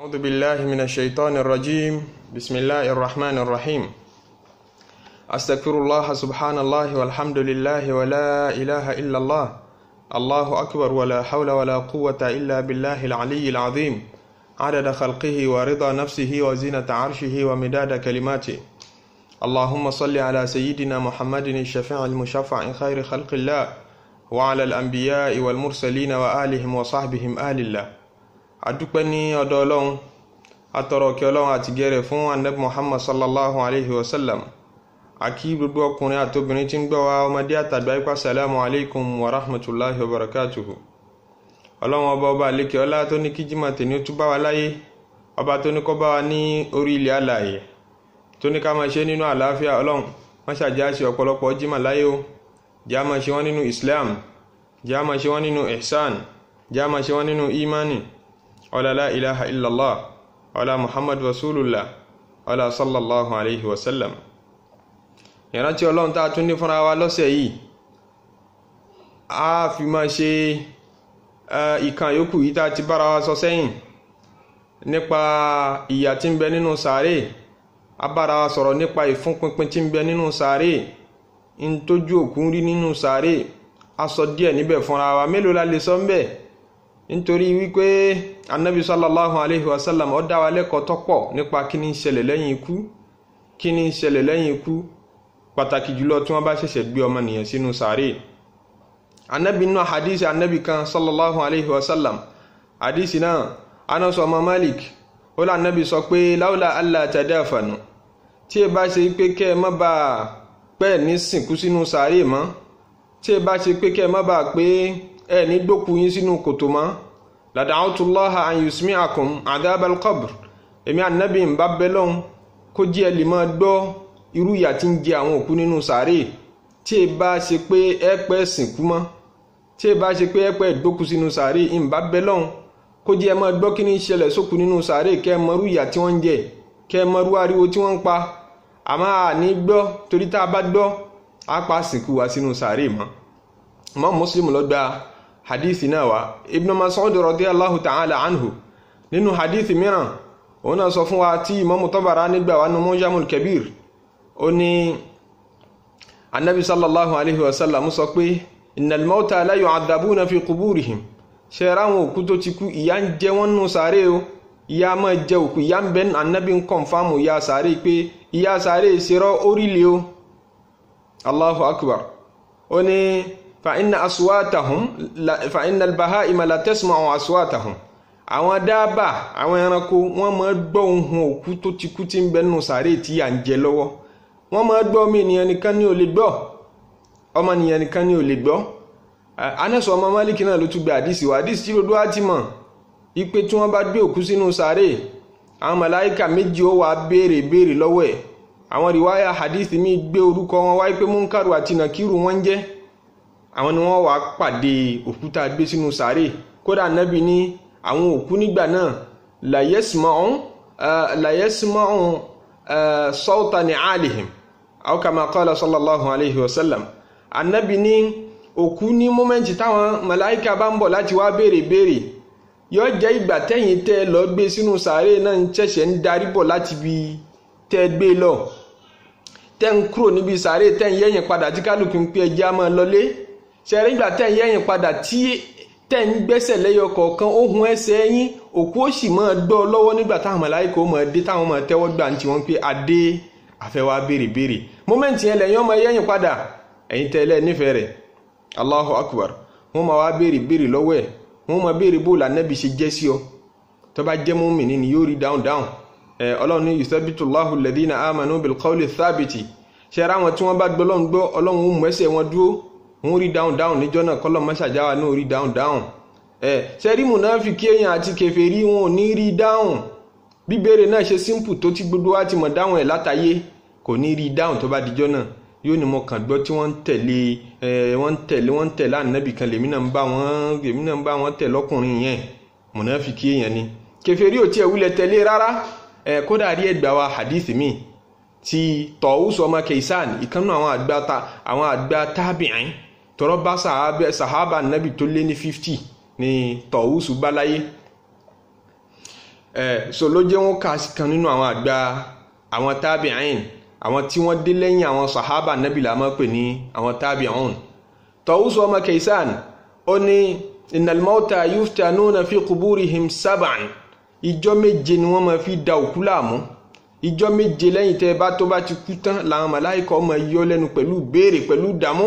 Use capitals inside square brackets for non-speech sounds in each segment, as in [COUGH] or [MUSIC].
أعوذ بالله من الشيطان الرجيم بسم الله الرحمن الرحيم أستغفر الله سبحان الله والحمد لله ولا إله إلا الله الله أكبر ولا حول ولا قوة إلا بالله العلي العظيم عدد خلقه ورضا نفسه وزينة عرشه ومداد كلماته اللهم صل على سيدنا محمد الشفيع المشفع خير خلق الله وعلى الأنبياء والمرسلين وآلهم وصحبهم آل الله adúpẹ́ ní ọ̀dọ̀ ọlọ́run atọ̀rọ̀ kí ọlọ́run àti gẹ̀rẹ̀ fún anabi muhammad sallallahu alayhi wa sallam àkí gbogbo ọkùnrin àtobìnrin tí ń gbọ́ wa ọmọdé àtàgbà ipa salamu alaykum wa rahmatulahi wa barakatuhu ọlọ́run ọba ọba àlékè ọlá tó ní kí jimá tèmi ó tún bá wa láyé ọba tó ní kó bá wa ní orí ilẹ̀ alààyè tó ní ká máa ṣe nínú àlàáfíà ọlọ́run má ṣàjá ṣe ọ̀pọ̀lọpọ̀ jimá láyé o jẹ́ àmọ́ ṣe wọ́n nínú islam jẹ́ àmọ́ ṣe wọ́n nínú ihsan jẹ́ àmọ́ ṣe wọ́n nínú imani ọlá la ilaha illallah ọlá muhammadu rasulullah ọlá sallallahu alaihi wasallam ìrántí ọlọ́run tá a tún ní fúnra wa lọ́sẹ̀ yìí a fi máa ṣe ìkan yòókù yìí tá a ti bára wa sọ sẹ́yìn nípa ìyà tí ń bẹ nínú sàárè a bára wa sọ̀rọ̀ nípa ìfúnpinpin tí ń bẹ nínú sàárè ń tójú òkú rí nínú sàárè a sọ díẹ̀ níbẹ̀ fúnra wa mélòó la lè sọ ń bẹ́ẹ̀ nítorí wípé anabi sallallahu alayhi wa sallam ó dá wa lẹ́kọ̀ọ́ tọ́pọ̀ nípa kí ni ń ṣẹlẹ̀ lẹ́yìn ikú kí ni ń ṣẹlẹ̀ lẹ́yìn ikú pàtàkì jùlọ tí wọ́n bá ṣẹ̀ṣẹ̀ gbé ọmọ nìyẹn sínú sàárè anabi náà hadith anabi kan sallallahu alayhi wa sallam hadith náà anas ọmọ malik ó lá anabi sọ pé láwùlà allah tadafanu tí ẹ bá ṣe pé kẹ́ ẹ má bá a ní sìnkú sínú sàárè mọ́ tí ẹ bá ṣe pé kẹ́ ẹ má bá pé ẹ ní gbókù yín sínú kòtò mọ́ ladàáwùtúláhà àyùsùmí àkùn àdábàl kọ́bùr èmi ànábì ń bá bẹ́lọ́n kó jí ẹ lè máa gbọ́ irú ìyà tí ń jẹ àwọn òkú nínú sàárè tí ẹ bá ṣe pé ẹ pẹ́ sìnkú mọ́ tí ẹ bá ṣe pé ẹ pẹ́ gbókù sínú sàárè ń bá bẹ́lọ́n kó jí ẹ máa gbọ́ kí ní ṣẹlẹ̀ sókù nínú sàárè kẹ́ ẹ mọrú ìyà tí wọ́n ń jẹ kẹ́ ẹ mọrú ariwo tí wọ́n ń pa àmọ́ àní gbọ́ torí tá a bá gbọ́ á pa sìnkú wa sínú sàárè mọ́ mọ́ mùsùlùmí lọ́gbàá hadithi náà wá ibn Mas'ud radiyallahu ta'ala anhu nínú hadithi mìíràn òun náà sọ fún wa tí Imam Tabarani nígbà wa nu Mujamul Kabir ó ní anabi sallallahu alayhi wa sallam sọ pé innal mawta la yu'adhabuna fi quburihim ṣe ráwọn òkú tó ti kú ìyà ń jẹ wọ́n nù sáré o ìyà máa jẹ òkú ìyà ń bẹ anabi ń kọ̀nfàmù ìyà sáré pé ìyà sáré ṣerọ́ orílẹ̀ o Allahu akbar ó ní fàínà aswatahum fàínà albaha'ima la tasma'u aswatahum àwọn dábà àwọn ẹranko wọ́n máa gbọ́ ohun òkú tó ti kú tí ń bẹ nínú sàárè tí à ń jẹ lọ́wọ́ wọ́n máa gbọ́ ọmọ ènìyàn nìkan ní ò lè gbọ́ ọmọ ènìyàn nìkan ní ò lè gbọ́ anẹ́sọ̀ ọmọ málìkì náà ló tún gbé àdìsí wa àdìsí tí rodo àti mọ̀ ipe tí wọ́n bá gbé òkú sínú sàárè àwọn màláìkà méjì ó wàá béèrè béèrè lọ́wọ́ ẹ̀ àwọn rìwáyà àdìsí mi gbé orúkọ wọn wáyé pé múnkàrú àti nàkírù wọn ń àwọn ni wọ́n wàá pàdé òkúta gbé sínú sàárè kódà nábì ní àwọn òkú nígbà náà làyẹ́sìmọ́ọ̀n làyẹ́sìmọ́ọ̀n sọ́ọ̀tà ní àlìhìm aw kama qala sallallahu alayhi wa sallam anábì ní òkú ní mọ́mẹ́ǹtì táwọn màláìka bá ń bọ̀ láti wá béèrè béèrè yóò jẹ́ ìgbà tẹ́yìn tẹ́ lọ gbé sínú sàárè náà ń ṣẹ̀ṣẹ̀ ń darí bọ̀ láti bi tẹ́ gbé lọ tẹ́ ń kúrò níbi sàárè tẹ́ ń yẹ̀yìn padà tí kálukú ń pé ẹjẹ́ á máa ṣẹ̀rí gbà tẹ̀ ń yẹ̀yìn padà tí tẹ̀ ń gbẹ́sẹ̀ lẹ́yọ kọ̀ọ̀kan ohun ẹsẹ̀ yín òkú ó sì máa dọ́ lọ́wọ́ nígbà táwọn màláíkà máa dé táwọn máa tẹ́wọ́ gbà tí wọ́n pé adé àfẹ́wà béèrè béèrè mọ́mẹ́ǹtì yẹn lẹ́yìn ọmọ yẹ̀yìn padà ẹ̀yin tẹ́lẹ̀ nífẹ̀ẹ́ rẹ̀ Allahu Akbar wọ́n máa wá béèrè béèrè lọ́wọ́ ẹ̀ wọ́n máa béèrè bó lànàbì ṣe jẹ́ sí ọ tó bá jẹ́ mùmínì ni yóò rí dáhùn dáhùn ọlọ́run ní yusabitu allahu alladhina amanu bilqawli thabiti ṣe wọn tí wọ́n bá gbọ́ ọlọ́run gbọ́ ọlọ́run ó mú ẹsẹ̀ wọn dúró ń rí dáhùn dáhùn níjọ́ náà kọ́lọ́ mọ́ṣájáwa náà rí dáhùn dáhùn ẹ sẹ́rí mùnáfíkì èèyàn àti kèfèrí wọn ò ní rí dáhùn bíbéèrè náà ṣe simple tó ti gbogbo wa ti mọ̀ dáhùn ẹ̀ látàyé kò ní rí dáhùn tó bá dijọ́ náà yóò ní mo kàn gbọ́ tí wọ́n ń tẹ̀lé ẹ wọ́n ń tẹ̀lé wọ́n ń tẹ̀lé ànábì kan lèmi náà ń bá wọn lèmi náà ń bá wọn tẹ̀lé ọkùnrin yẹn mùnáfíkì èèyàn ni kèfèrí ò tiẹ̀ wulẹ̀ tẹ̀lé rárá ẹ kódà rí ẹgbàá wa hadith mi ti tọ̀húsọ ọmọ kẹsàn ìkànnù àwọn àgbà ta àwọn àgbà tábìrín tọrọ bá sahaba nabi tó lé ní fifty ní tọ̀húsù báláyé ẹ̀ so ló jẹ́ wọn kà sí kan nínú àwọn àgbà àwọn tábìáìn àwọn tí wọ́n dé lẹ́yìn àwọn sahaba nabi la máa pè ní àwọn tábìáìn tọ̀húsù ọmọ kaisan ó ní ìnàlmọ́ta yuftanuna fi quburihim sab'an ìjọ méje ni wọ́n máa fi da òkú láàmú ìjọ méje lẹ́yìn tẹ́ bá tó bá ti kú tán làwọn màláìkọ́ máa yọ lẹ́nu pẹ̀lú béèrè pẹ̀lú dààmú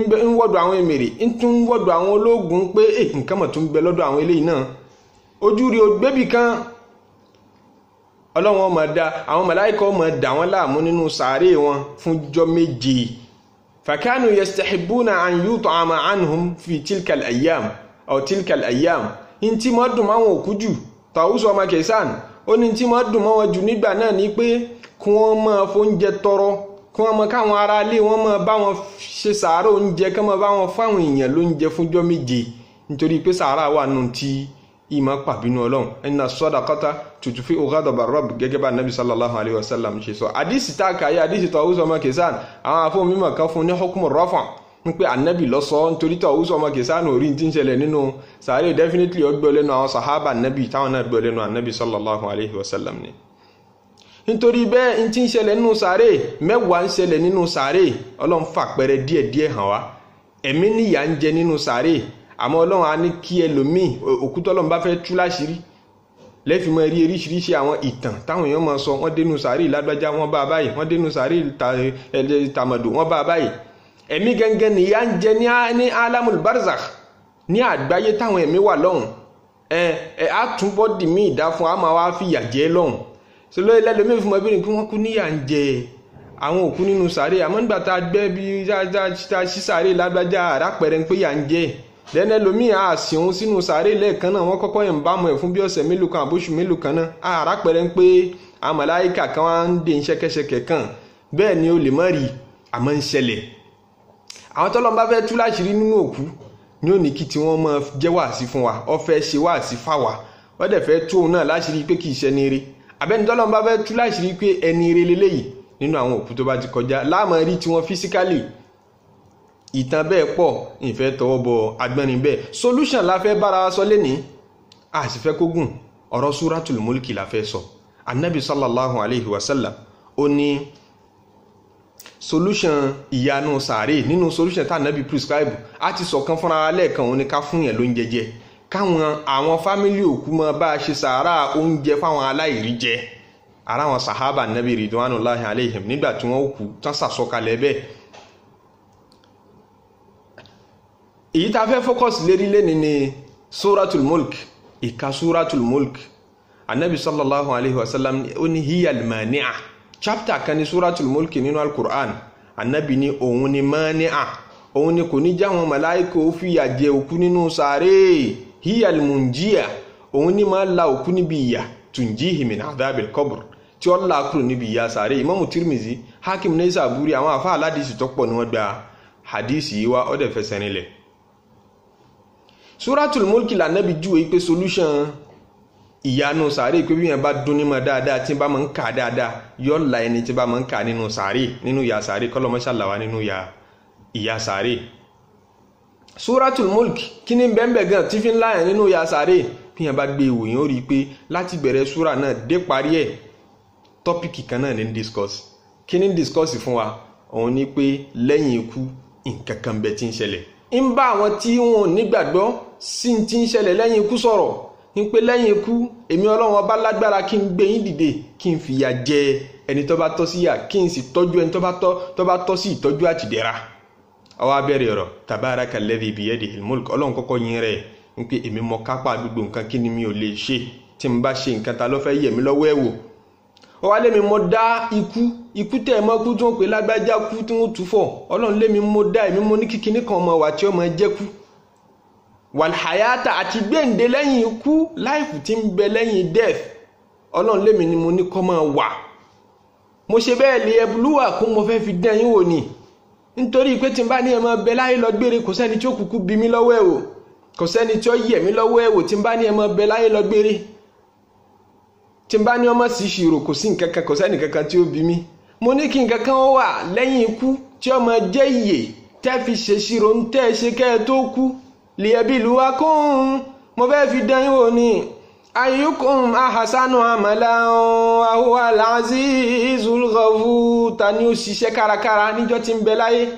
ń bẹ ń wọ́dọ̀ àwọn èmèrè ń tún ń wọ́dọ̀ àwọn ológun pé eh, nǹkan mọ̀ tún ń bẹ lọ́dọ̀ àwọn eléyìí náà ojú rí ogbébì kan ọlọ́run ọmọ da àwọn màláíkà ọmọ dà wọ́n láàmú nínú sàárè wọn fún jọ́ méje fàkánù yastahibuna an yut'ama anhum fi tilkal ayyam aw tilkal ayyam ń tí mọ́ dùn máwọn òkú jù tàwùsọ ọmọ kẹsàn ó ní tí mọ́ dùn máwọn jù nígbà náà ni pé kí wọ́n máa fóúnjẹ tọrọ kí wọ́n mọ káwọn ará ilé wọn mọ bá wọn ṣe sàárà oúnjẹ kí wọ́n mọ bá wọn fáwọn èèyàn lóúnjẹ fúnjọ́ méje nítorí pé sàárà wà nù tí ìmọ̀ pàbínú ọlọ́run inna sadaqata tutfi ghadaba rabb gẹ́gẹ́ bá nabi sallallahu alayhi wa sallam ṣe sọ àdìsí tá a kà yé àdìsí tó ọ̀húsọ ọmọ kẹsàn àwọn afọ mímọ̀ kan fún ní hukmu rafa' wípé anabi lọ sọ nítorí tó ọ̀húsọ ọmọ kẹsàn orí ti ń ṣẹlẹ̀ nínú sàárè definitely ọgbẹ́ ọlẹ́nu àwọn sàhábà anabi táwọn náà gbẹ́ ọlẹ́nu anabi sallallahu alayhi wa sallam ni nítorí bẹ́ẹ̀ n ti ń ṣẹlẹ̀ nínú sàárè mẹ́wàá ń ṣẹlẹ̀ nínú sàárè ọlọ́run fàpẹrẹ díẹ̀díẹ̀ hàn wá ẹ̀mí níyà ń jẹ nínú sàárè àmọ́ ọlọ́run á ní kí ẹlòmíì òkútọ́ ọlọ́run bá fẹ́ tú láṣìírí lẹ́fìmọ́ rí oríṣiríṣi àwọn ìtàn táwọn èèyàn máa sọ wọ́n dénú sàárè lágbájá wọ́n bá a báyìí wọ́n dénú sàárè tàmọ̀dò wọ́n bá a báyìí ẹ̀mí gẹ́gẹ́ nìyà ń jẹ ní alamul barzakh ní àgbáyé táwọn ẹ̀mí wà lọ́hùn ẹ̀ ẹ̀ á túnbọ̀ dì mí ìdá fún àmọ́ wa fìyà jẹ lọ́hùn sọlọ ẹlẹ́lẹ́mí fún ẹbí nìkan wọ́n kú níyà ń jẹ àwọn òkú nínú sàárè àmọ́ nígbà tá a gbẹ́ bí tá a ṣí sàárè lágbájá àrà pẹ̀rẹ̀ ń pé yà ń jẹ dẹ́nẹ́ lomi àsìn òun sínú sàárè lẹ́ẹ̀kan náà wọ́n kọ́kọ́ yẹn ń bá mọ̀ ẹ̀ fún bí ọ̀sẹ̀ mélòó kan àbóṣù mélòó kan náà àrà ń pé àmàláyíkà kan wá ń dè ń kan bẹ́ẹ̀ ni o lè mọ́ rí àmọ́ ń ṣẹlẹ̀ àwọn tọ́lọ́n bá fẹ́ tú láṣìírí nínú òkú ni ó ní kí tí wọ́n máa jẹ́ wàásí fún wa ọ ṣe wàásí fáwa ọ dẹ̀ fẹ́ tú òun náà láṣìírí pé kì í ṣe ní eré abẹ́ni tọ́lọ́n bá fẹ́ tú láṣìírí pé ẹni ire leléyìí nínú àwọn òkú tó bá ti kọjá láàmọ́ rí tiwọn físíkálì ìtàn bẹ́ẹ̀ pọ̀ ìfẹ́ tọwọ́ bọ agbẹ́rin bẹ́ẹ̀ solution la fẹ́ bára wa sọ lẹ́ni a sì fẹ́ kógùn ọ̀rọ̀ suratul mulki la fẹ́ sọ anabi sallallahu alayhi wa sallam ó ní solution ìyanu sàárè nínú solution tá anabi prescribe a ti sọ̀kan fúnra lẹ́ẹ̀kan òun ni ká fún yẹn lóúnjẹ jẹ káwọn àwọn fámílì òkú mọ bá a ṣe sàárà oúnjẹ fáwọn aláìrí jẹ ara àwọn sahaba nabi ridwanullahi alaihim nígbà tí wọ́n kú tán sàsọkalẹ̀ bẹ́ẹ̀ èyí tá a fẹ́ fọ́kọ̀sì lérí lẹ́ni ni suratul mulk ìka suratul mulk anabi sallallahu alaihi wasallam ó ní hiyal mani'a chapter kan ní suratul mulk nínú al-Qur'an anabi ní òun ni mani'a òun ni kò ní jáwọn màláìkò fìyà jẹ òkú nínú sàárè hiya almunjiya òun ni máa la òkú níbi ìyà tunjihi min adabil qabr tí ó là kúrò níbi ìyà sàárè imamu tirimizi hakim nesa buri àwọn afa aládìsí tó pọ̀ ni wọ́n gba hadisi yìí wá ọ̀dẹ̀ fẹsẹ̀ nílẹ̀ suratul mulki lànàbí júwe pé solution ìyanu sàárè pé bí yẹn bá dún ní ma dáadáa tí bá máa ń kà dáadáa yọ la ẹni tí bá máa ń kà nínú sàárè nínú ìyà sàárè kọlọmọṣàlàwà nínú ìyà sàárè suratul mulk kí ni bẹ́ẹ̀ gan tí fi ń láyàn nínú yasare bí yẹn bá gbé ìwò yẹn ó rí i pé láti bẹ̀rẹ̀ sura náà dé parí ẹ̀ tọ́pìkì kan náà ní discuss kí ni discuss fún wa òun ni pé lẹ́yìn ikú nǹkan kan bẹ ti ń ṣẹlẹ̀ ń bá àwọn tí wọn ò nígbàgbọ́ sí ti ń ṣẹlẹ̀ lẹ́yìn ikú sọ̀rọ̀ ń pé lẹ́yìn ikú èmi ọlọ́run ọba lágbára kí n gbé yín dìde kí n fìyà jẹ ẹni tó bá tọ́ sí yà kí n sì tọ́jú ẹni tó bá tọ́ sí ìtọ́jú àtìdẹ́ra ọwọ́ abẹ́rẹ́ ọ̀rọ̀ tabaraka alladhi biyadihi al-mulk ọlọ́run kọ́kọ́ yín rẹ̀ ń pé èmi mọ kápá gbogbo nǹkan kí ni mi ò lè ṣe tí n bá ṣe nǹkan ta ló fẹ́ yẹ̀ mí lọ́wọ́ ẹ̀ wò ọwọ́ lèmi mo dá ikú ikú tẹ̀ mọ́ kú tí wọ́n pè lágbájá kú tí wọ́n tú fọ̀ ọlọ́run lèmi mo kan mọ̀ wà tí ọmọ jẹ́ kú wàlhàyàtà àti gbẹ̀ǹde lẹ́yìn ikú láìfù tí ń bẹ lẹ́yìn death ọlọ́run lèmi ni mo ní kọ́ máa wà mo ṣe bẹ́ẹ̀ lè ẹbùlúwà kó mo fẹ́ fi dán yín ni nítorí pé tí n bá ní ẹmọ bẹ láyé lọ gbére kò sẹ́ni tí ó kúkú bi mí lọ́wọ́ ẹ̀ wò kò sẹ́ni tí ó yẹ̀ mí lọ́wọ́ ẹ̀ wò tí n bá ní ẹmọ bẹ láyé lọ gbére tí n bá ní ọmọ sì ṣirò kò sí nǹkan kò sẹ́ni kankan tí ó bi mí mo ní kí nǹkan wà lẹ́yìn ikú tí ọmọ jẹ́ ìyè tẹ́ fi ṣe ṣirò ń tẹ́ ṣe kẹ́ ẹ tó kú lìyẹ̀bí ìlú wa kún un mo fẹ́ fi dán yín wò ni ayukum ahasanu amala ahuwa alazizul ghafur ta ni ó ṣiṣẹ́ kárakára níjọ́ tí ń bẹ láyé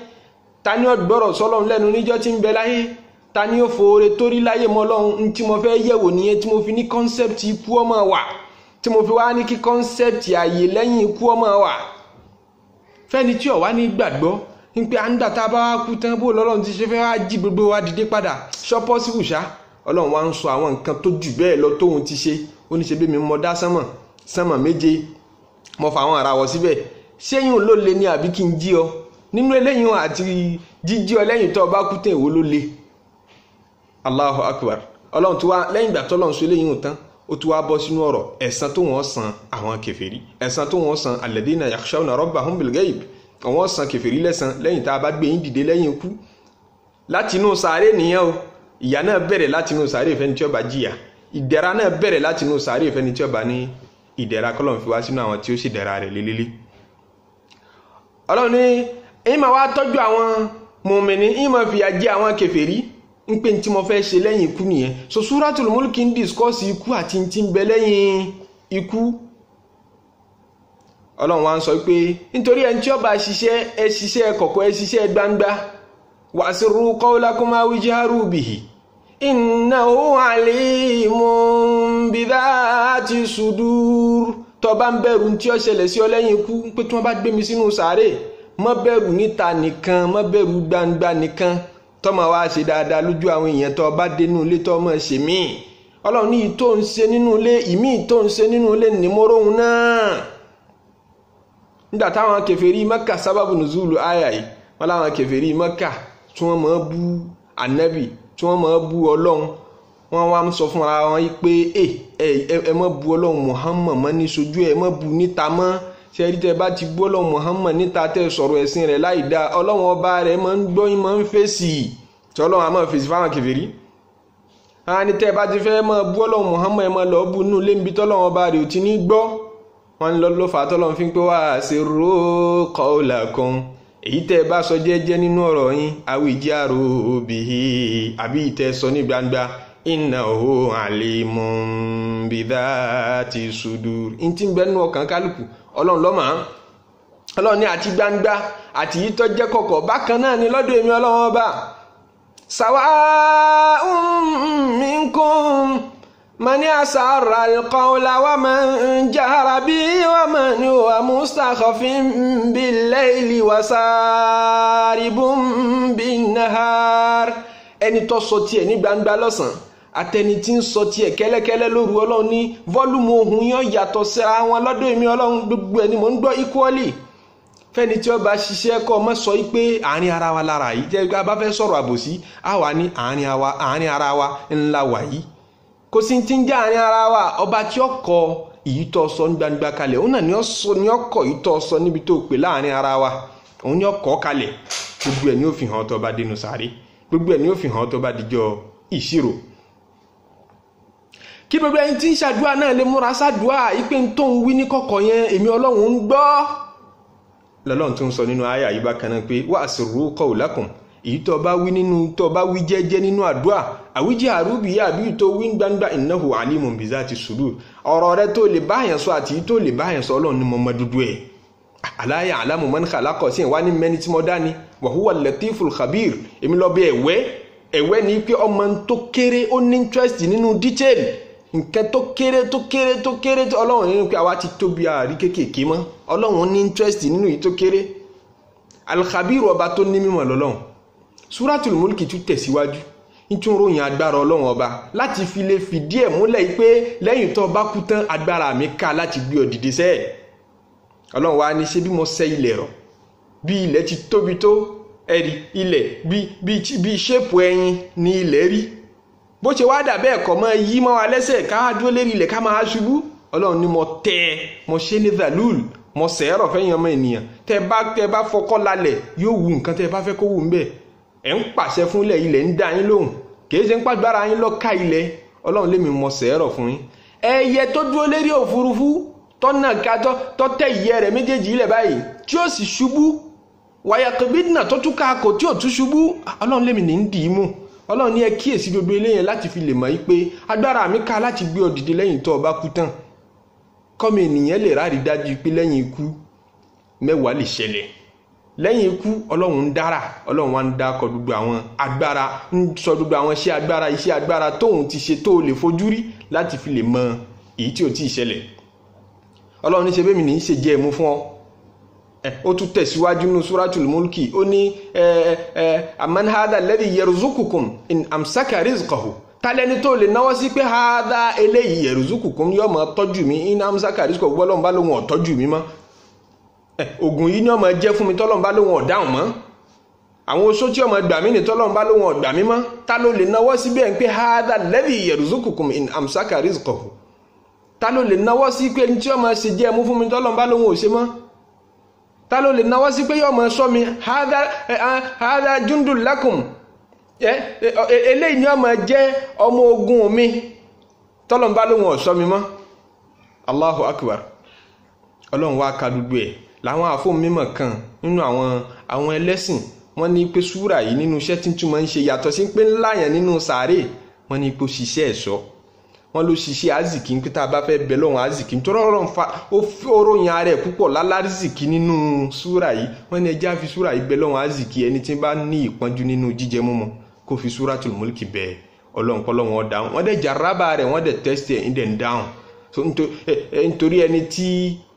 ta ni ó gbọ́rọ̀ sọ́lọ́run lẹ́nu níjọ́ tí ń bẹ láyé ta ni ó fòore torí láyé mọ́ lọ́hún ní tí mo fẹ́ yẹ̀wò nìyẹn tí mo fi ní concept ikú ọmọ wà tí mo fi wá ní kí concept ààyè lẹ́yìn ikú ọmọ wà fẹ́ni tí ó wá ní gbàgbọ́ ní pé à tá a bá kú tán bó lọ́lọ́run ti ṣe fẹ́ wá jí gbogbo wa dìde padà ṣọ́ pọ́sibù ṣáá ọlọ́run wá ń sọ àwọn nǹkan tó jù bẹ́ẹ̀ lọ tóun ti ṣe ó ní ṣe bí mi mọ dá sánmọ̀ sánmọ̀ méje mo fa àwọn àràwọ̀ síbẹ̀ ṣéyìn ló le ni àbí kí n jí ọ nínú eléyìn àti jíjí ọ lẹ́yìn tó o bá kú tẹ̀ ló le Allahu Akbar ọlọ́run tó wá lẹ́yìn ìgbà tó ọlọ́run sọ eléyìn ò tán ó tún wá bọ́ sínú ọ̀rọ̀ ẹ̀san tó wọ́n san àwọn kèfèrí ẹ̀san tó wọ́n san alladhina yakhshawna rabbahum bilghayb àwọn san kèfèrí lẹ́san lẹ́yìn tá a bá gbé yín dìde lẹ́yìn ikú látinú sàárè nìyẹn o ìyà náà bẹ̀rẹ̀ látinú sàárè fẹ́ni tí ó bá jìyà ìdẹ̀ra náà bẹ̀rẹ̀ látinú sàárè fẹ́ni tí ó bá ní ìdẹ̀ra kọ́lọ́n fi wá sínú àwọn tí ó sì dẹ̀ra rẹ̀ lélẹ́lẹ́ ọlọ́run ní ẹ̀yin máa wá tọ́jú àwọn mùmìnì ẹ̀yin máa fìyà jẹ àwọn kèfèrí ń pè tí mo fẹ́ ṣe lẹ́yìn ikú nìyẹn so Suratul Mulk ń discourse ikú àti ti ń bẹ lẹ́yìn ikú ọlọ́run wá ń sọ pé nítorí ẹni tí ó ṣiṣẹ́ ẹ ṣiṣẹ́ kọ̀kọ̀ ẹ ṣiṣẹ́ gbangba وأسروا قولكم أو اجهروا به إنه عليم بذات الصدور tó bá ń bẹ̀rù tí ó ṣẹlẹ̀ sí ọ lẹ́yìn ikú pé tí wọ́n bá gbé mi sínú sàárè má bẹ̀rù níta nìkan má bẹ̀rù gbangba nìkan tọ́mọ wa ṣe dáadáa lójú àwọn èèyàn tó bá dénú ilé tó mọ̀ ṣe mí ọlọ́run ní ìtò ń ṣe nínú ilé ìmí ìtò ń ṣe nínú ilé nìmọ́rọ́hún náà nígbà táwọn kèfèrí Mẹ́kà sábàbù nùzúlù àyà yìí wọ́n láwọn kèfèrí Mẹ́kà tí wọ́n máa bú ànábì tí wọ́n máa bú ọlọ́run wọ́n wá ń sọ fún ara wọn pé eh, ẹ ẹ má bú ọlọ́run Muhammad mọ́ ní sojú ẹ má bú níta mọ́ sẹ́rí tẹ́ bá ti bú ọlọ́run Muhammad níta tẹ́ sọ̀rọ̀ ẹ̀sìn rẹ̀ láì dáa ọlọ́run ọba rẹ̀ máa ń gbọ́yìn máa ń fèsì tí ọlọ́run á máa fèsì fáwọn kèfèrí àwọn tẹ́ bá ti fẹ́ máa bú ọlọ́run Muhammad máa lọ bú nù lébi tọ́lọ́run ọba rẹ̀ ò ti ní gbọ́ wọn lọ ló fà á tọ́lọ́run fi ń pé wá àṣẹ rò ó kọ́ ọ́ èyí tẹ́ ẹ bá sọ jẹ́jẹ́ nínú ọ̀rọ̀ yín awíjàrò òbí àbí ìtẹ́ sọ ní gbangba iná òhò àlèmọ̀ bìdá ti ṣùdù ní tí ń bẹ nínú ọkàn kálukú ọlọ́run ló ọlọ́run ní àti gbangba àti yìí tó jẹ́ kọ̀kọ̀ bákan náà ni lọ́dọ̀ èmi ọlọ́run ọba sàwa minkum. من أسر القول ومن جهر به ومن هو مستخف بالليل وسارب بالنهار ẹni tó sọ tiẹ̀ ní gbangba lọ́sàn-án àtẹni tí ń sọ tiẹ̀ kẹ́lẹ́kẹ́lẹ́ lóru ọlọ́run ní fọ́lùmù ohun yẹn yàtọ̀ síra wọn lọ́dọ̀ èmi ọlọ́run gbogbo ẹni mò ń gbọ́ equally fẹ́ni tí ó bá ṣiṣẹ́ kọ́ mọ́ àárín ara wa lára yìí jẹ́ pé bá fẹ́ sọ̀rọ̀ àbòsí àwa ní àárín ara wa ńlá wà yìí kò sí ti ń jẹ́ àárín ara wa ọba tí ó kọ èyí tó sọ ní gbangba kalẹ̀ òun náà ni ó ni ó kọ èyí níbi tó pè láàárín ara wa òun ni ó kọ gbogbo ẹ̀ ni ó fi hàn tó bá dénú sáré gbogbo ẹ̀ ni ó fi hàn tó bá dijọ́ ìṣirò kí gbogbo ẹni tí ń ṣàdúrà náà lè múra ṣàdúrà ìpè tó ń wí ní kọ̀kọ̀ yẹn èmi ọlọ́run ń gbọ́ lọ́lọ́run tó ń sọ nínú àyà yìí bákan náà pé wa asirru qawlakum èyí tó bá wí nínú tó bá wí jẹ́jẹ́ nínú àdúrà àwíjẹ́ àrùbí àbí tó wí gbangba innahu alimun bizati sudur ọ̀rọ̀ rẹ tó lè báyàn sọ àti tó lè báyàn sọ ọlọ́run ní mọ́mọ́ dúdú ẹ̀ ala ya'lamu man khalaqa sí ìwá ní mẹ́ni tí mo dá ni wa huwa al-latiful èmi lọ bí ẹ̀wẹ́ ẹ̀wẹ́ ni pé ọmọ tó kéré ó ní interest nínú detail nǹkan tó kéré tó kéré tó kéré ọlọ́run nínú pé àwa ti tóbi àrí kéékèèké mọ́ ọlọ́run ní al-khabir ọba tó ní mímọ̀ lọ́lọ́run suratul mulki tún tẹ̀síwájú nítorí ròyìn agbára ọlọ́run ọba láti fi lè fìdí ẹ̀ múlẹ̀ pé lẹ́yìn tó bá kú tán agbára mi ká láti gbé ọ dìde sẹ́ẹ̀ ọlọ́run wa ní ṣé bí mo ṣẹ́ ilẹ̀ rọ̀ bí ilẹ̀ ti tóbi tó ẹ̀rí ilẹ̀ bí ṣépù ẹyin ni ilẹ̀ rí bó ṣe wá dà bẹ́ẹ̀ kọ́ mọ́ yí mọ́ wa lẹ́sẹ̀ ká dúró lérí ilẹ̀ ká máa ṣubú ọlọ́run ni mo tẹ́ ẹ mo ṣe ní zalul mo sẹ́ẹ̀rọ̀ fẹ́yìn ọmọ ènìyàn tẹ́ bá fọkọ́ lálẹ̀ yóò wù nǹkan tẹ́ bá fẹ́ kó wù ń bẹ́ẹ̀ ẹ̀ ń pàṣẹ fúnlẹ̀ ilẹ̀ ń dá yín lóhùn kì í ṣe ń pàgbára yín lọ́ka ilẹ̀ ọlọ́run lèmi mọ sẹ́rọ̀ fún yín ẹyẹ tó dúró lérí òfurufú tọ́nà kájọ́ tọ́tẹ̀ ìyẹ́ rẹ̀ méjèèjì ilẹ̀ báyìí tí ó sì ṣubú wàyàkùbídìnà tó tún ká kò tí ò tún ṣubú ọlọ́run lèmi ní ń dì í mú ọlọ́run ní ẹ kíyèsí gbogbo eléyẹn fi lè mọ̀ yí pé agbára mi ká láti gbé lẹ́yìn tó o kú tán kọ́mi ènìyàn lè rárí dájú pé lẹ́yìn lẹ́yìn ikú ọlọ́run ń dára ọlọ́run wa ń dákọ̀ gbogbo àwọn agbára ń sọ gbogbo àwọn iṣẹ́ agbára iṣẹ́ agbára tóun ti ṣe tó lè fojú rí láti fi lè mọ èyí tí ò tí ì ṣẹlẹ̀ ní ṣe bẹ́ẹ̀ mi ní í ṣe jẹ́ ẹ̀mú fún ọ ó tún tẹ̀síwájú nínú suratul mulki ó ní aman hada alladhi yarzuqukum in amsaka rizqahu tálẹ́ni tó lè náwó sí pé hada eléyìí yarzuqukum yóò máa tọ́jú mi in amsaka rizqahu gbọ́dọ̀ ń mi mọ́ Eh, ogun yìí ni ọmọ jẹ́ fún mi tọ́lọ́n bá lóun ọ̀dáhùn mọ́ àwọn oṣó ọmọ gbà ni tọ́lọ́n bá lóun ọ̀gbà mí ta ló lè náwó sí bẹ́ẹ̀ pé haada lẹ́bi in amsaka rizqahu ta ló lè náwó sí pé tí ọmọ je emu mú fún mi tọ́lọ́n bá lóun ta ló lè náwó sí pé yọmọ sọ mi haada eh, ah, haada jundul lakum eh, eléyìí ni ọmọ ogun mi tọ́lọ́n bá lóun ò mi làwọn àfọ̀mímọ̀ kan nínú àwọn àwọn ẹlẹ́sìn wọ́n ní pé súrà yìí nínú iṣẹ́ tí túmọ̀ ń ṣe yàtọ̀ sí pé ńláyàn nínú sàárè wọ́n ní pé ó ṣiṣẹ́ ẹ̀ṣọ́ wọ́n ló ṣiṣẹ́ azikí ń pé tá a bá fẹ́ bẹ lọ́wọ́n azikí tó rọrọ̀ ń fa ó ròyìn ara ẹ̀ púpọ̀ lálárìsìkí nínú súrà yìí wọ́n ní ẹjẹ́ àfi súrà yìí bẹ lọ́wọ́n azikí ẹni tí bá ní ìpọ́njú nínú jíjẹ múmu kó fi súrà tòlùmọ́lì kì bẹ́ẹ̀ ọlọ́nkọ́lọ́wọ́n dáhùn wọ́n dẹ̀ jaraba rẹ̀ wọ́n dẹ̀ tẹ́sítẹ̀ ń dẹ̀ ń dáhùn nítorí ẹni tí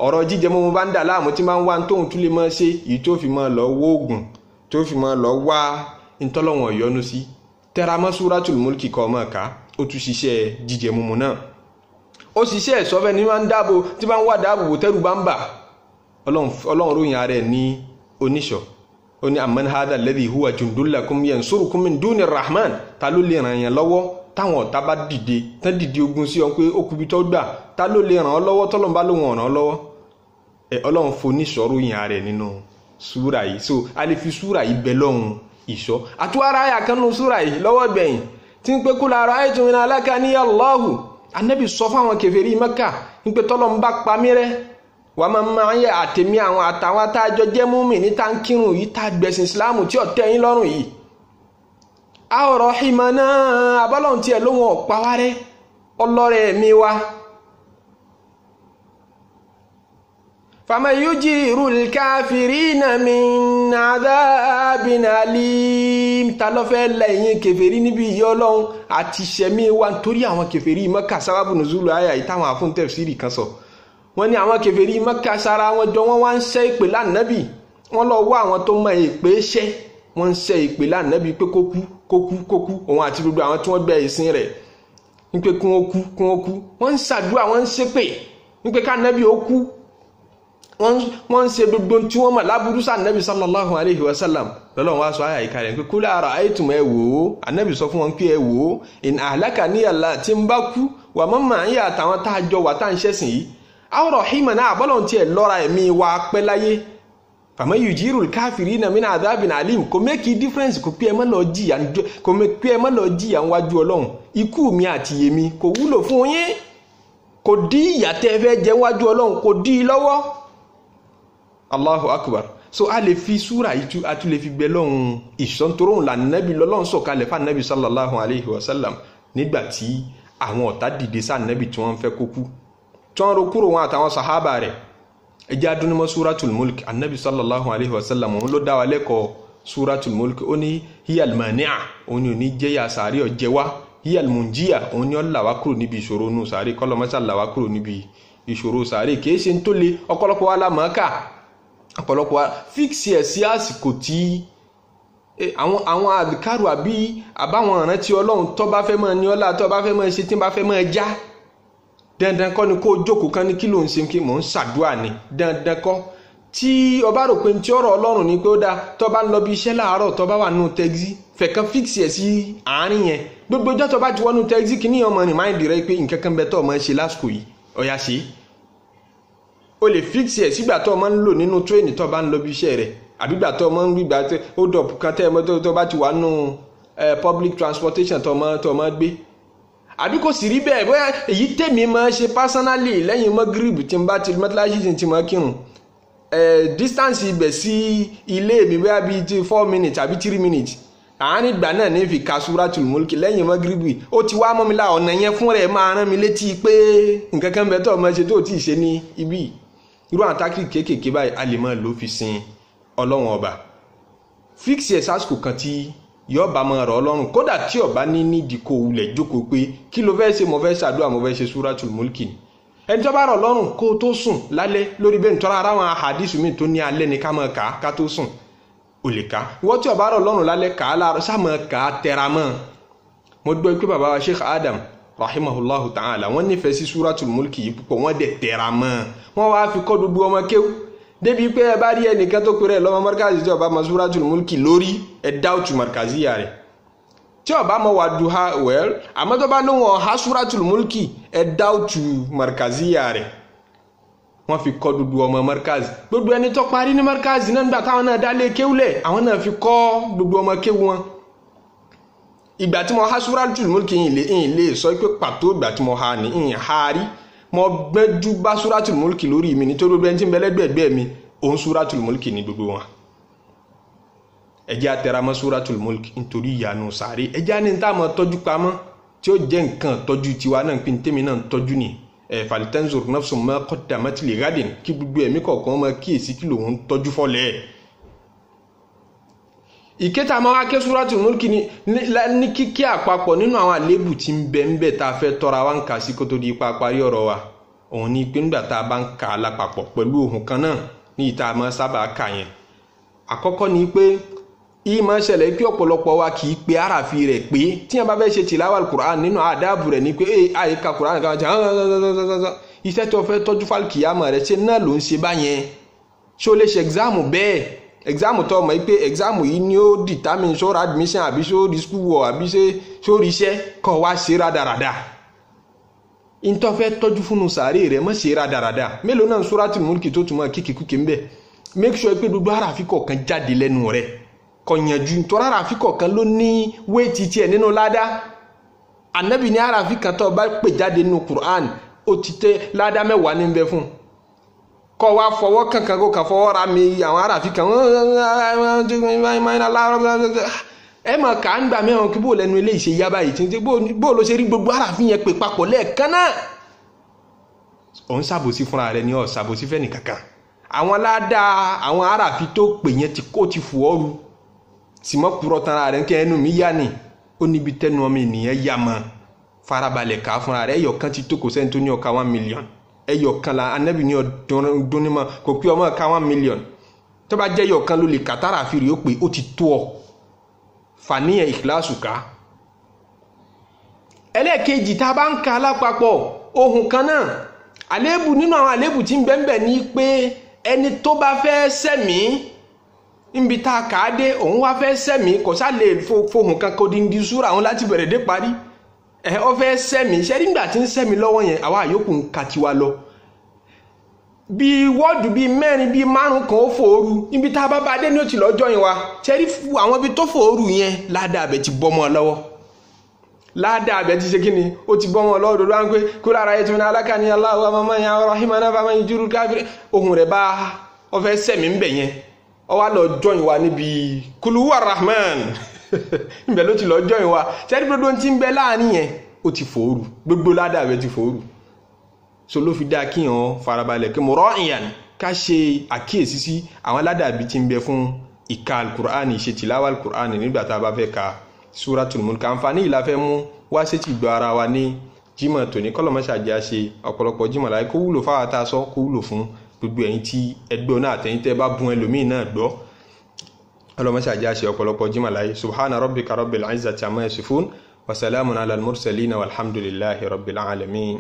ọ̀rọ̀ jíjẹ mọ́mọ́ bá ń dà láàmú tí máa ń wá tóun tún lè máa ṣe èyí tó fi máa lọ wóògùn tó fi máa lọ wá ntọ́lọ́wọ̀n ìyọnu sí tẹramọ́ Suratul Mulki kọ́ ọmọ ká ó tún ṣiṣẹ́ jíjẹ mọ́mọ́ náà ó ṣiṣẹ́ ẹ̀sọ́fẹ́ ní máa ń dáàbò tí máa ń wà dáàbò tẹ́rù bá ń bà ọlọ́run ròyìn ara ẹ̀ ní oníṣọ̀ ó ní amman rahman ta ló lè táwọn ọ̀tá bá dìde tán dìde ogun sí ọ pé ó tó gbà ta ló lè ràn ọ́ lọ́wọ́ tọ́lọ́n bá lóun ràn ọ́ lọ́wọ́ ẹ ọlọ́run foni sọ̀rọ̀ nínú yìí so a lè fi súra yìí bẹ lọ́hùn ìṣọ́ ayà kan yìí lọ́wọ́ tí ń ayé tó anabi sọ fáwọn Mẹ́kà ń máa yẹ àtẹ̀mí àwọn àtàwọn tá a jọ jẹ́ Islam tí a ọ̀rọ̀ ìmọ̀ náà abọ́lọ́hún tiẹ̀ lóhun ọ̀pá wa rẹ́ ọlọ́rẹ̀ mi wa. fàmà yóò jí irú káfírí náà mi nàdábìnà alim ta ló fẹ́ lẹ́yìn kẹfẹ́rí níbi ìyá ọlọ́run àti ìṣẹ̀mí wa nítorí àwọn kẹfẹ́rí mọ́kà sábàbù nùzúlù àyà yìí táwọn àfúntẹ̀fsírì kan sọ wọ́n ní àwọn kẹfẹ́rí mọ́kà sára wọn jọ wọ́n wá ń ṣẹ́ ìpè lánàbì wọ́n lọ wá àwọn tó mọ ìpè ṣẹ́ wọ́n ń ṣẹ́ ìpè lánàbì pé kó kú kó kú kó kú òun àti gbogbo àwọn tí wọ́n gbẹ́ ìsìn rẹ̀ wípé kí wọ́n kú kí wọ́n kú wọ́n ń ṣàdúrà wọ́n ń ṣépè wípé kánábì ó kú wọ́n ń ṣe gbogbo tí wọ́n mọ̀ láburú sí ànábì sallallahu alayhi wa sallam lọ́lọ́run wá sọ ayà ìka rẹ̀ pé kul ara'aytum ẹ wò ó ànábì sọ fún wọn pé ẹ wò ó in ahlakani Allah tí ń bá kú wà mọ́ màá ń yà àtàwọn tá a jọ wà tá à ń ṣẹ̀sìn yìí aw rahimana àbọ́lọ̀ tiẹ̀ fàmọ́ yìí jírù káfíìrì náà mí náà adábìn alim kò mẹ́kì dífẹ́rẹ́nsì kò pé ẹ má lọ jìyà kò pé ẹ má lọ jìyà níwájú ọlọ́run ikú mi àti èmi kò wúlò fún yín kò dí ìyà tẹ́ ẹ fẹ́ jẹ níwájú ọlọ́run kò dí i lọ́wọ́ allahu akbar so a lè fi súra ìtú a tún lè fi gbẹ lọ́hùn ìṣọ́ntoróhùn là nẹ́bí lọ́lọ́run sọ̀kalẹ̀ fún anabi sallallahu alayhi wa sallam nígbà tí àwọn ọ̀tá dìde sáà nẹ́bí tí wọ́n fẹ́ kó kú tí ẹ jẹ́ adúnímọ́ suratul mulk anabi sallallahu alayhi wa sallam òun ló dá wa lẹ́kọ̀ọ́ suratul mulk ó ní hiyal mania òun ni ò ní jẹ́yà sàárẹ̀ ọ̀jẹ̀ wa hiyal munjiya òun ni ó là wá kúrò níbi ìṣòro nù sàárẹ̀ kọ́lọ́mọ́sá là wá kúrò níbi ìṣòro sàárẹ̀ kìí ṣe ń tó le ọ̀pọ̀lọpọ̀ wa la mọ̀ọ́kà ọ̀pọ̀lọpọ̀ wa fíksì ẹ̀ sí àsìkò tí àwọn àwọn àdìkárò àbí àbáwọn ìrántí ọlọ́run tó bá fẹ́ máa ní ọlá tó bá fẹ́ máa ṣe tí bá fẹ́ máa já dandan kọ́ ni kó o jókòó kan ní kí ló ń ṣe kí mò ń ṣàdúrà ni dandan kọ́ tí o bá rò pé ti ọ̀rọ̀ ọlọ́run ni pé ó dáa tó bá ń lọ bí iṣẹ́ láàárọ̀ tó bá wà nù tẹ́gí fẹ̀kan fíksì ẹ̀ sí àárín yẹn gbogbo ọjọ́ tó bá ti wọnú tẹ́gí kí ni ọmọ rìmáìndì rẹ pé nǹkan kan bẹ tó ọmọ ṣe lásìkò yìí ọ̀yà ṣe o lè fíksì ẹ̀ sígbà tó ọmọ ń lò nínú tréènì tó ń lọ bí iṣẹ́ rẹ̀ àbígbà tó ọmọ ń gbígbà ó dọ̀pù kan ẹ mọ́ tó ti wà nù eh, public transportation tó ọmọ gbé àbí kò sì rí bẹ́ẹ̀ bóyá èyí tèmi máa ṣe pásánálì lẹ́yìn mọ́gírìbì tí n bá ti mọ́tíláṣí tí n ti mọ́ kírun distance ibẹ̀ sí ilé mi bóyá bíi ti four minutes àbí three minutes àárín ìgbà náà ní fi kasura tùlùmọ́lùkì lẹ́yìn mọ́gírìbì ó ti wá mọ́ mi la ọ̀nà yẹn fún rẹ̀ máa rán mi létí pé nǹkan kan bẹ́ẹ̀ tó ọmọ ṣe tó ò tí ì ṣe ní ibí irú àtàkì kéékèèké báyìí a lè máa lò fi sin ọlọ́run ọba fix yẹ sásìkò kan tí yọba máa rọ̀ ọlọ́run kódà tí ọba ní nídìí kò wulẹ̀ jókòó pé kí ló fẹ́ẹ́ ṣe mo fẹ́ẹ́ ṣàdúrà mo fẹ́ẹ́ ṣe súratul mulki ni ẹni tó bá rọ̀ lọ́rùn kó tó sùn lálẹ́ lórí bẹ́ẹ̀ nítorí ara àwọn àhàdísù mi tó ní alẹ́ ni ká máa kà á ká tó sùn ò lè kà á ìwọ tí ọba rọ̀ lọ́rùn lálẹ́ kà á láàárọ̀ sá máa kà á tẹra mọ́ mo gbọ́ pé bàbá wa Sheikh Adam rahimahullahu ta'ala wọ́n nífẹ̀ẹ́ sí súratul mulki yìí púpọ̀ wọ́n dẹ̀ tẹra mọ́ wọ́n wá fi kọ́ gbogbo ọmọ kéwù débi pé ẹ bá rí ẹnìkan tó pèrè lọ́mọ markazi tí ọba mọ suratul mulki lórí ẹ dáwùtù markazi yà rẹ̀ tí ọba mọ wà duha wẹ́l àmọ́ tó bá lóun ọ̀há suratul mulki ẹ dáwùtù markazi yà rẹ̀ wọ́n fi kọ́ gbogbo ọmọ markazi gbogbo ẹni tó parí ní markazi náà nígbà táwọn náà dálé kéwúlẹ̀ àwọn náà fi kọ́ gbogbo ọmọ kéwú wọn ìgbà tí mo há suratul mulki yìí lè sọ pé pàtó ìgbà mo há ni mo gbẹ́jú bá suratul mulki lórí mi nítorí gbogbo ẹni tí ń bẹ lẹ́gbẹ̀ẹ́gbẹ́ mi òun suratul mulki ní gbogbo wọn ẹ jẹ́ atẹramọ́ suratul mulki nítorí ìyanu sáré ẹ jẹ́ ní tá a mọ tọ́jú pamọ́ tí ó jẹ́ nǹkan tọ́jú tiwa náà pé tèmi náà tọ́jú ni ẹ falitanzur nafsun ma qaddamat li gadin kí gbogbo ẹ̀mí kọ̀ọ̀kan máa kíyèsí kí lòun tọ́jú fọ́lẹ́ẹ̀ ìkẹta máa wá ké súrátù múlùkì ní kíkí àpapọ̀ nínú àwọn àlébù tí ń bẹ ń bẹ tá a wa ń kà di ipa parí wa òun ni pé nígbà tá a bá ń kà á ohun kan náà ní ìta máa sábà kà yẹn àkọ́kọ́ ni pé yìí máa ń ṣẹlẹ̀ pé ọ̀pọ̀lọpọ̀ wa kì í pe àràfi rẹ̀ pé tí bá fẹ́ ṣe nínú àdáàbò rẹ̀ ni pé ee kan jẹ́ iṣẹ́ tí wọ́n fẹ́ tọ́jú exam tó mọ̀ pé exam yìí ni ó determine sórí admission àbí sórí school wọ̀ àbí sórí iṣẹ́ kọ́ wá ṣe rádaràda ntọ́ fẹ́ tọ́jú fúnnu sàárè rẹ̀ mọ̀ ṣe rádaràda mélòó náà sóràtì múlùkì tó tún mọ̀ kíkìkúkì ń bẹ̀ make sure pé gbogbo àràfi kọ̀ọ̀kan jáde lẹ́nu rẹ̀ kọ̀yànjú tọ́ra àràfi kọ̀ọ̀kan ló ní wéètì tiẹ̀ nínú ládá ànábì ní àràfi kan tó bá pè jáde nínú Qur'an ó ti tẹ́ ládá mẹ́wàá ní bẹ fún kọ́ wa fọwọ́ kankan kó kà fọwọ́ ra mi àwọn aráàfin kan ẹ mọ̀ ká ń gbà mẹ́wọ̀n kí bó lẹ́nu ilé ìṣe yá báyìí tí bó ló ṣe rí gbogbo aráàfin yẹn pè papọ̀ lẹ́ẹ̀kan náà òun ṣàbòsí fúnra rẹ ni ọ̀ ṣàbòsí fẹ́ni kankan àwọn ládàá àwọn aráàfin tó pè yẹn ti kó ti fò ọ́rù tìmọ̀ purọ́ tanra rẹ kí ẹnu mi yá ni ó níbi tẹnu ọmọ ènìyàn yá mọ́ farabalẹ̀ ká fúnra rẹ ẹ̀yọ̀ kan ti tó kò sẹ́ni tó ní ọkà one million ẹyọkan la anabi ní ọdún ní ma kò pé ọmọ one million tó bá jẹ́ ẹyọkan ló lè kàtàrà àfi rèé ti tó ọ fàníyàn ìkíláàsù ká ẹlẹ́ẹ̀kejì tá a bá ka alápapọ̀ ohun kan náà àléébù nínú àwọn àléébù tí ń bẹ́ẹ̀ ní pé ẹni tó bá fẹ́ sẹ̀mí níbi tá a kà á dé òun wá fẹ́ sẹ̀mí kò sá lè fohùn kan kó di ń òun láti bẹ̀rẹ̀ dé parí ẹ ọ fẹ́ sẹ́mi ṣé nígbà tí ń lọ́wọ́ yẹn àwa àyókù ń ka tiwa lọ bíi wọ́ọ̀dù bíi mẹ́rin bíi márùn kan ó fòoru níbi tá a bá bá dé ní òtí lọ́jọ́ yẹn wa àwọn ibi tó fòoru yẹn ládàá abẹ ti bọ́ ni ó ti bọ́ mọ́ ọ lọ́wọ́ dodo ń pé kó ohun rẹ̀ bá ń bẹ̀ wa níbi rahman ìbẹ̀ [LAUGHS] ló ti lọ́jọ́ ìwà sẹ́ni gbogbo ti ń bẹ láàrin yẹn ó ti fòórù gbogbo ládàá rẹ ti fòórù so ló fi dáa kí hàn farabalẹ̀ kí mo rọ́ ìyàn ká ṣe àkíyèsí sí àwọn aládàbí ti ń bẹ fún ìka alukur'ani ṣe tìláwà alukur'ani nígbà tá a bá fẹ́ ka suratul mulk àǹfààní yìí la fẹ́ mú wá sétí gbọ́ ara wa ní jimoh tòní kọ́lọ́mọṣàjẹ́ á ṣe ọ̀pọ̀lọpọ̀ jimoh láyé kó wúlò fáwọn tá a sọ kó wúlò fún gbogbo ẹ̀yin tí ẹgbẹ́ náà àtẹ̀yìn tẹ́ bá bun ẹlòmíì náà gbọ́ ọlọmọṣẹ ajá ṣe ọ̀pọ̀lọpọ̀ jimá láyé subhana rabbika rabbil izzati amma yasifun wa salamun ala al-mursalin walhamdulillahi rabbil alamin.